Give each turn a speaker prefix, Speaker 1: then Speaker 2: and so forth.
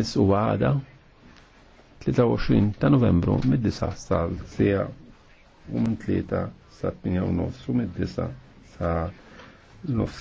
Speaker 1: Miss u għada 23 ta' novembru mid-9 sal sija
Speaker 2: u minn 3 sa' 8 u nofs mid-9 sa' nofs.